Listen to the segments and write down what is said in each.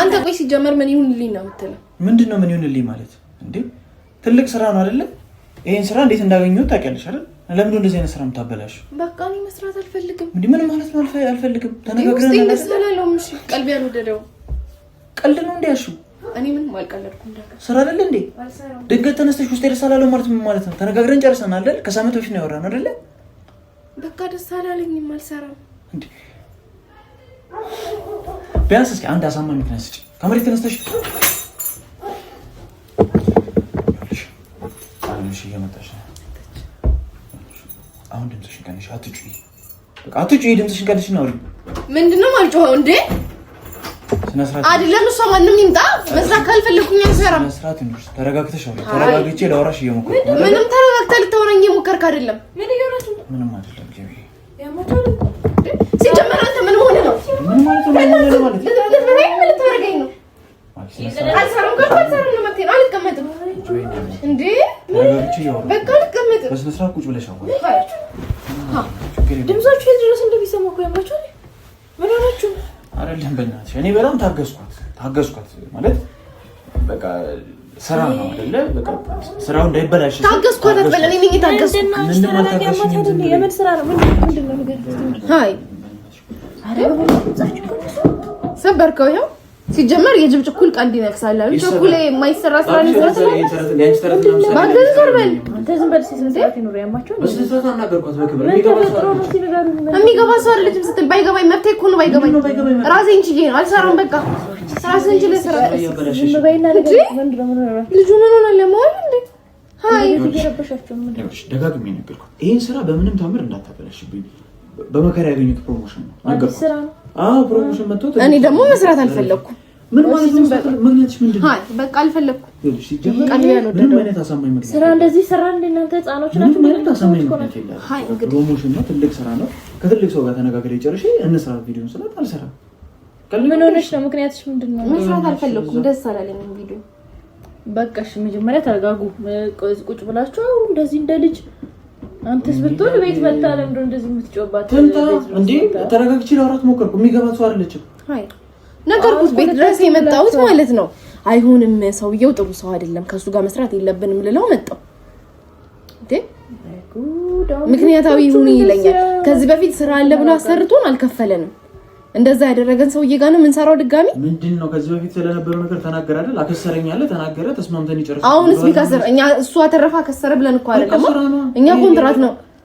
አንተ ቆይ ሲጀመር ምን ይሁንልኝ ነው የምትለው? ምንድን ነው ምን ይሁንልኝ ማለት እንዴ? ትልቅ ስራ ነው አይደለ? ይሄን ስራ እንዴት እንዳገኘሁት ታውቂያለሽ አይደል? ለምን እንደዚህ አይነት ስራ የምታበላሽ? በቃ እኔ መስራት አልፈልግም። እንዴ ምን ማለት ነው አልፈልግም? ተነጋግረን ነው ቀልቤ ያልወደደው ቀልድ ነው እንዴ? እንዲያሹ እኔ ምንም አልቀለድኩም። ስራ አይደለ እንዴ? ድንገት ተነስተሽ ውስጥ ደስ አላለው ማለት ምን ማለት ነው? ተነጋግረን ጨርሰን አይደል? ከሳምንት በፊት ነው ያወራነው አይደለ? በቃ ደስ አላለኝም፣ አልሰራም። ቢያንስ እስኪ አንድ አሳማኝ ምክንያት ስጪ። ከመሬት ተነስተሽ አለምሽ እየመጣሽ ነው። አሁን ድምፅሽን ቀንሽ፣ አትጩይ። በቃ አትጩይ፣ ድምፅሽን ቀንሽ ነው። ምንድነው የማልጮኸው እንዴ? አይደለም እሷ ማንም ይምጣ በዛ ካልፈለኩኝ አልሰራም። ተረጋግተሽ ተረጋግቼ ላወራሽ እየሞከርኩ ምንም ተረጋግተህ ልታወራኝ እየሞከርክ አይደለም። ምንም አይደለም። ሲጀመር አንተ ምን ሆነህ ነው? ምን ሆነህ ነው? አይደለም። በእናትሽ እኔ በጣም ታገዝኳት ታገዝኳት ማለት በቃ ስራ ነው አይደለ? በቃ ስራው እንዳይበላሽ ታገዝኳት። አትበል እኔ ነኝ የምን ስራ ነው? ምንድን ነው? ሰበርከው ይኸው ሲጀመር የጅብ ጭኩል ቀንድ ይነክሳል አሉ። ጭኩል የማይሰራ ስራ ነው። የሚገባ ሰው አይደለችም ስትል ባይገባኝ መብቴ እኮ ነው። ባይገባኝ ራሴን ችዬ ነው አልሰራም። በቃ ራሴን ችዬ ስራ ልጁ ምን ሆነ ለመሆን እንዴ? ደጋግሜ ነገርኩት፣ ይህን ስራ በምንም ታምር እንዳታበላሽብኝ። በመከራ ያገኙት ፕሮሞሽን ነው። ፕሮሞሽን መጥቶ እኔ ደግሞ መስራት አልፈለኩም። ምን ማለት ስራ እንደዚህ ትልቅ ስራ ነው። ከትልቅ ሰው ጋር ተነጋግሬ ጨርሼ እንስራ ቪዲዮን ስላት አልሰራም። ምን ሆነሽ ነው? ምክንያትሽ ምንድን ነው? መስራት አልፈለኩም። ደስ አላለኝም ቪዲዮ በቃሽ። መጀመሪያ ተረጋጉ። ቁጭ ብላችሁ እንደዚህ እንደ ልጅ አንተስ ብትሆን ቤት መታ ለምዶ እንደዚህ የምትጮባት እንዴ? ተረጋግቼ ለአውራት ሞከርኩ። የሚገባት ሰው አይደለችም። ነገርኩት። ቤት ድረስ የመጣሁት ማለት ነው። አይሆንም፣ ሰውየው ጥሩ ሰው አይደለም፣ ከእሱ ጋር መስራት የለብንም ልለው መጣሁ። ምክንያታዊ ይሁን ይለኛል። ከዚህ በፊት ስራ አለ ብሎ አሰርቶን አልከፈለንም። እንደዛ ያደረገን ሰውዬ ጋር ነው የምንሰራው። ድጋሚ ምንድን ነው ከዚህ በፊት ስለነበረው ነገር ተናገረ አይደል? አከሰረኝ አለ ተናገረ፣ ተስማምተን ይጨርሳል። አሁንስ ቢከሰር እኛ እሱ አተረፈ አከሰረ ብለን እኮ አይደለም። እኛ ኮንትራት ነው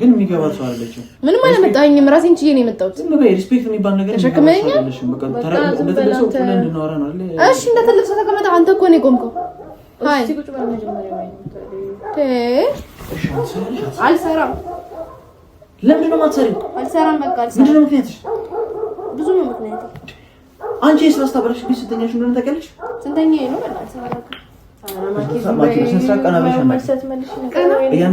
ግን የሚገባ ሰው አለችው። ምንም አለመጣኝም ራሴን ችዬ ነው የመጣሁት። ዝም በይ። ሪስፔክት የሚባል ነገር እንደተለቅሶ ተቀመጠ። አንተ እኮ ነው የቆምከው። አልሰራም። ለምንድን ነው የማትሰሪው? አልሰራም። በቃ ምንድን ነው ምክንያትሽ? ብዙ ነው ምክንያት። አንቺ የስራ ስታበላሽ ቤት ስንተኛሽ እንደሆነ ታውቂያለሽ? ስንተኛ ነው ቀናበሽ? ነው? ማለት ቀና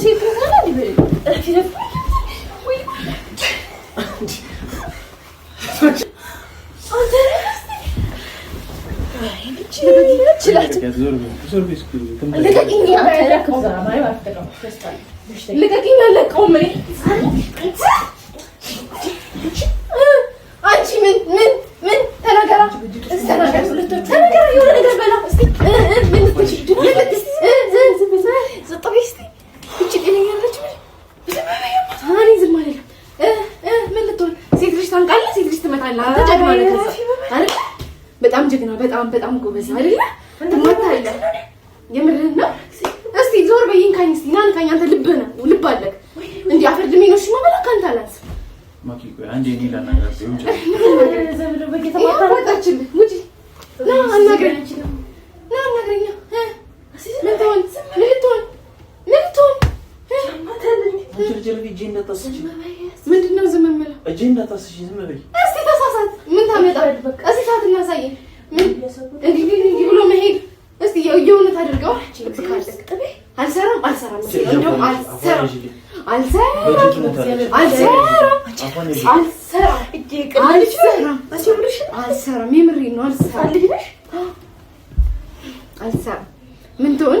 ተናገራ የሆነ ነገር በላ ትጨቀኛለች። ዝም አይደለም። ምን ልትሆን ሴት ልጅ ታንቃለህ፣ ሴት ልጅ ትመታለህ። በጣም ጀግና፣ በጣም በጣም ጎበዝ አይደለ? ትማታለህ። የምርህን ነው? እስቲ ዞር በይ እንካኝ፣ እስቲ ና እንካኝ። አንተ ልብህ ነው፣ ልብ አለህ። እንዲህ አፈር ድሜ ነው ሽማ ስትጀርግ እጄ እንዳታስች ምንድን ነው ዝም የምለው? እጄ እንዳታስች ዝም በይ። እስቲ ተሳሳት ምን ታመጣለህ? በቃ እስቲ ሰዓት እናሳየን። ምን እንዲህ እንዲህ ብሎ መሄድ እስቲ የሆነ ታደርገው። አልሰራም አልሰራም እንደውም አልሰራም አልሰራም የምሬን ነው። አልሰራም ምን ትሆን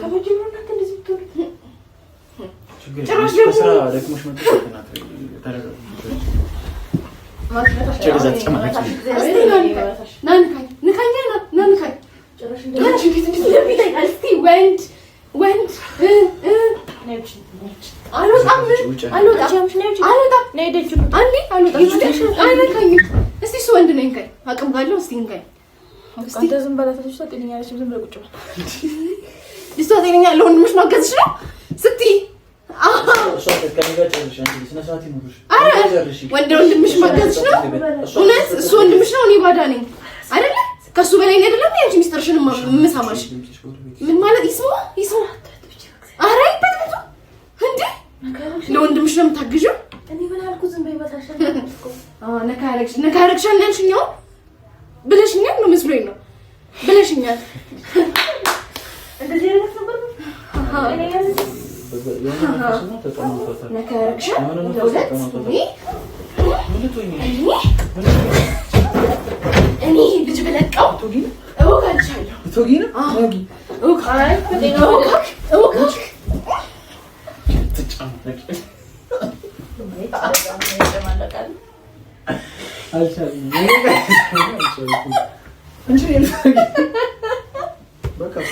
እስቲ እሱ ወንድ ነው ይንካኝ፣ አቅም ካለው እስቲ ይንካኝ። ዝም በላ ቁጭ በል ልጅቷ ጤነኛ ለወንድምሽ ማገዝሽ ነው ስትይ ወንድ ወንድምሽ ማገዝሽ ነው። እውነት እሱ ወንድምሽ ነው። እኔ ባዳ ነኝ አይደለ? ከእሱ በላይ አይደለም ያንቺ ሚስጥርሽን የምሰማሽ። ምን ማለት ይስማ ይስማ። ለወንድምሽ ነው የምታግዥው። ነካ ያረግሻል ብለሽኛል ነው መስሎኝ ነው ብለሽኛል እኔ ልጅ ብለቀው እወጋልሻለሁ። እወጋልሻለሁ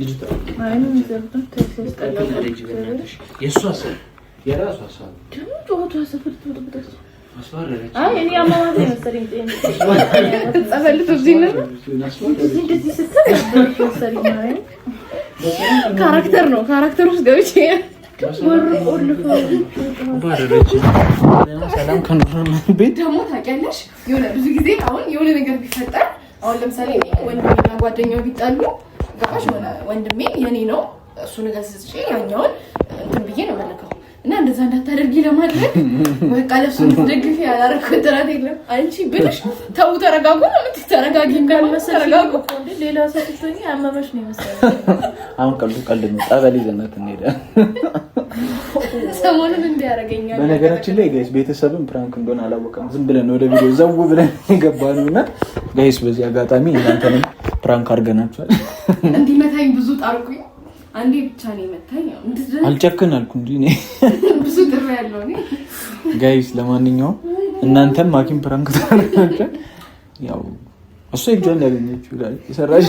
ካራክተር ነው። ካራክተር ውስጥ ገብቼ ደግሞ ታውቂያለሽ፣ የሆነ ብዙ ጊዜ አሁን የሆነ ነገር ቢፈጠር አሁን ለምሳሌ ወንድምና ጓደኛው ቢጣሉ ገባሽ? የሆነ ወንድሜ የኔ ነው እሱ ነገር ስጭ ያኛውን እንትን ብዬ ነው መልከው እና እንደዛ እንዳታደርጊ ለማድረግ በቃ ለሱ ደግፊ ያላረኩ ጥረት የለም። አንቺ ብልሽ ተው ተረጋጉ ነው ምት ተረጋጊ ተረጋጉ። ሌላ ሰጥቶኝ አመመሽ ነው ይመስላል። አሁን ቀልዱ ቀልድ ነው። ጠበል ይዘናት እንሄደ ሰሞኑን እንዲያደርገኛል። በነገራችን ላይ ጋይስ ቤተሰብም ፕራንክ እንደሆነ አላወቀም። ዝም ብለን ወደ ቪዲዮ ዘው ብለን የገባ ነው እና ጋይስ በዚህ አጋጣሚ እናንተንም ፕራንክ አድርገናችኋል። እንዲመታኝ ብዙ አንዴ ብቻ ነው የመታኝ። አልጨክን አልኩ እንዲ ብዙ ጥሪ ያለው ጋይስ። ለማንኛውም እናንተም ሐኪም ፕራንክ ታደርጋለህ። ያው እሷ እጇን የሰራሽ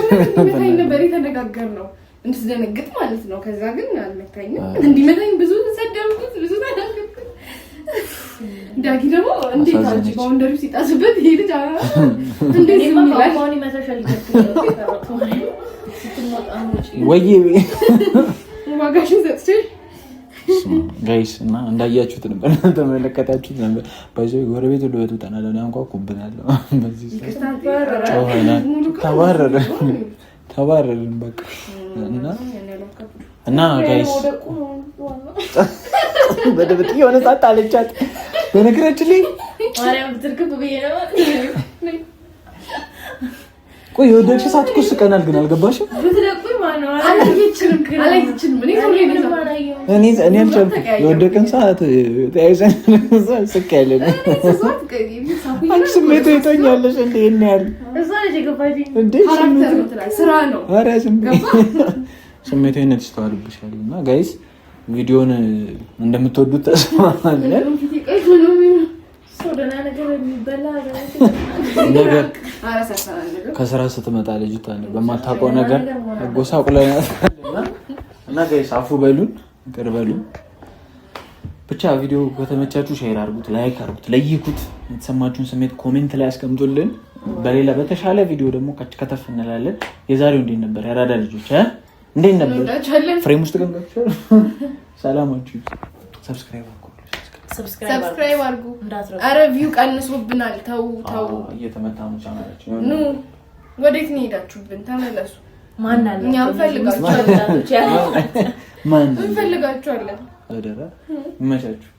ነበር እንድትደነግጥ ማለት ነው። ከዛ ግን አልመታኝም። እንዲመታኝ ብዙ ተሰደብኩት፣ ብዙ ተናገርኩት። ዳጊ ደግሞ እንዴት አልጅ ባውንደሪ ሲጣስበት ይሄ ልጅ እንዴት ይመታሻል? ወይ ጋይስ እና እንዳያችሁት ነበር ተመለከታችሁት ነበር። ባይዘ ጎረቤት ሁሉ በትጠና ለ አንኳኩብናለሁ። ተባረርን በቃ እና ጋይስ በደብጥ የሆነ ጣጣ አለቻት በነገራችን ላይ ወይ ወደ ሰዓት እኮ ግን አልገባሽም። እኔ አልቻልኩም። የወደቀን ሰዓት ስቅ ያለ ስሜት ይተኛለሽ እንዴ? ይህን ያህል ስሜት አይነት ይስተዋልብሻል። እና ጋይስ ቪዲዮን እንደምትወዱት ተስማማለን። ነገር ከስራ ስትመጣ ልጅቷ በማታውቀው ነገር ጎሳቁለናት እና ጋይስ አፉ በሉን፣ ቅር በሉን። ብቻ ቪዲዮ ከተመቻችሁ ሼር አድርጉት፣ ላይክ አርጉት፣ ለይኩት። የተሰማችሁን ስሜት ኮሜንት ላይ አስቀምጡልን። በሌላ በተሻለ ቪዲዮ ደግሞ ከተፍ እንላለን። የዛሬው እንዴት ነበር? ያራዳ ልጆች እንዴት ነበር? ፍሬም ውስጥ ገንጋችኋል። ሰላማችሁ። ሰብስክራይብ ሰብስክራይብ አድርጉ። ኧረ ቪው ቀንሶብናል። ተው ተው፣ እየተመታ ኑ። ወዴት ነው ሄዳችሁብን? ተመለሱ። እኛ እንፈልጋችኋለን፣ እንፈልጋችኋለን። ይመቻችሁ።